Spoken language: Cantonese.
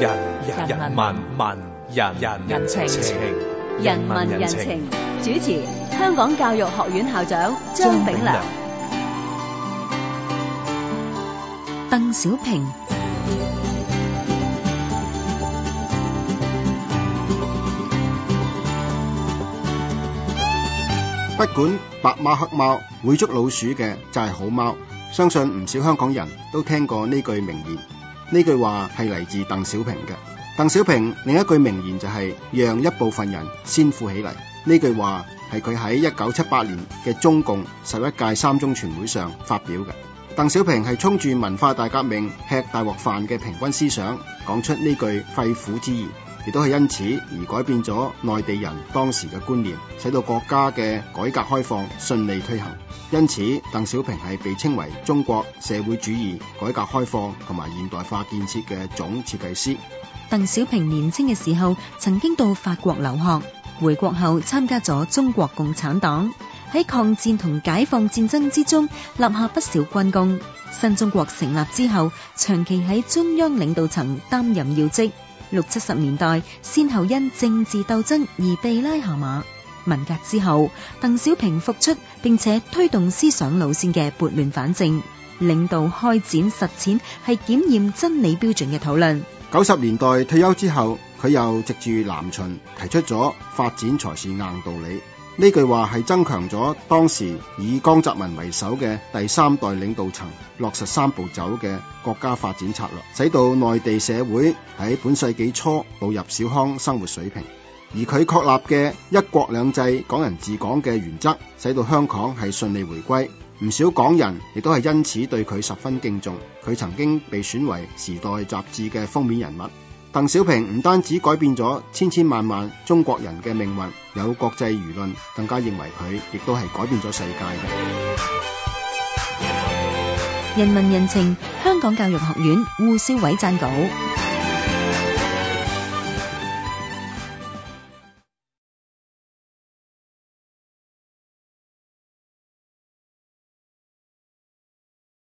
人人人，人文文人人人情情人文人情。主持，香港教育學院校長張炳良鄧小平。不管白貓黑貓會捉老鼠嘅就係好貓，相信唔少香港人都聽過呢句名言。呢句話係嚟自鄧小平嘅。鄧小平另一句名言就係、是：「讓一部分人先富起嚟」。呢句話係佢喺一九七八年嘅中共十一屆三中全會上發表嘅。鄧小平係衝住文化大革命吃大鍋飯嘅平均思想，講出呢句肺腑之言。亦都係因此而改變咗內地人當時嘅觀念，使到國家嘅改革開放順利推行。因此，鄧小平係被稱為中國社會主義改革開放同埋現代化建設嘅總設計師。鄧小平年輕嘅時候曾經到法國留學，回國後參加咗中國共產黨。喺抗戰同解放戰爭之中立下不少軍功。新中國成立之後，長期喺中央領導層擔任要職。六七十年代，先後因政治鬥爭而被拉下馬。文革之後，鄧小平復出並且推動思想路線嘅撥亂反正，領導開展實踐係檢驗真理標準嘅討論。九十年代退休之後，佢又藉住南巡提出咗發展才是硬道理呢句話，係增強咗當時以江澤民為首嘅第三代領導層落實三步走嘅國家發展策略，使到內地社會喺本世紀初步入小康生活水平。而佢確立嘅一國兩制、港人治港嘅原則，使到香港係順利回歸。唔少港人亦都係因此對佢十分敬重，佢曾經被選為《時代雜誌》嘅封面人物。鄧小平唔單止改變咗千千萬萬中國人嘅命運，有國際輿論更加認為佢亦都係改變咗世界嘅。人民人情，香港教育學院胡少偉撰稿。